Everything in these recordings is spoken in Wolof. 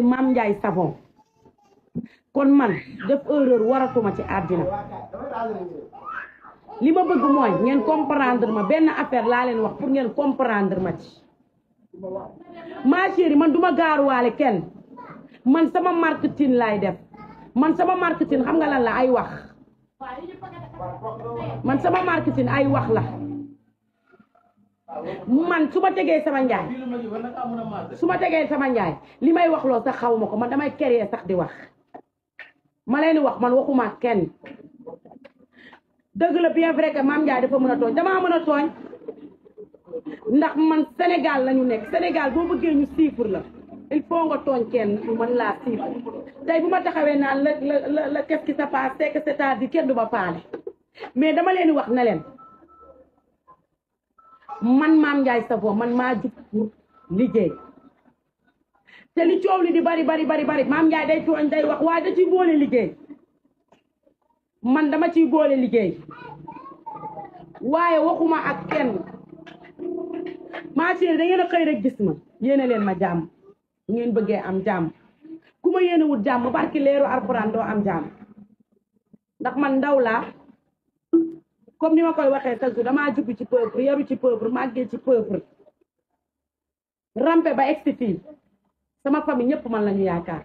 Mame Ndiaye Savon kon man def erreur waratuma ci àddina li ma bëgg mooy ngeen comprendre ma benn affaire laa leen wax pour ngeen comprendre ma ci ma chérie man duma gaaruwaale kenn man sama marketing laay def man sama marketing xam nga lan la ay wax man sama marketing ay wax la man su ma tegee sama njaay su ma tegee sama njaay li may waxloo loo sax xawma ko man damay créer sax di wax ma leen wax man waxuma kenn dëgg la bien vrai que maam Ndiaye dafa mën a tooñ damaa mën a tooñ ndax man Sénégal lañu nekk Sénégal boo bëggee ñu siifur la il faut nga tooñ kenn man mën laa siifur tey bu ma taxawee naan la la la qu'est-ce qui se passe c'est que cest kenn du ma mais dama leen wax na leen man maam Ndiaye Savon man maa jug pour liggéey te li coow li di bari bari bari bari maam Ndiaye day tooñ day wax waaye da ciy boole liggéey man dama ciy boole liggéey waaye waxuma ak kenn maa ci da ngeen a xëy rek gis ma yéene leen ma jàmm ngeen bëggee am jàmm ku ma yéene wut jàmm barki leeru alxuraan am jàmm ndax man ndaw laa comme ni ma koy waxee chaque damaa jubbi ci pauvre yaru ci pauvre màggee ci pauvre rampe ba egsi fii sama famille ñëpp man la ñu yaakaar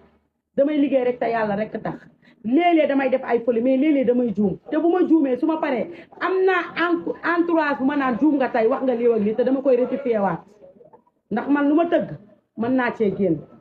damay liggéey rek te yàlla rek tax léeg-léeg damay def ay folie mais léeg-léeg damay juum te bu ma juumee su ma pare am naa entourage bu ma naan juum nga tey wax nga lii ak lii te dama koy rectifier waat ndax man lu ma tëgg mën naa cee génn.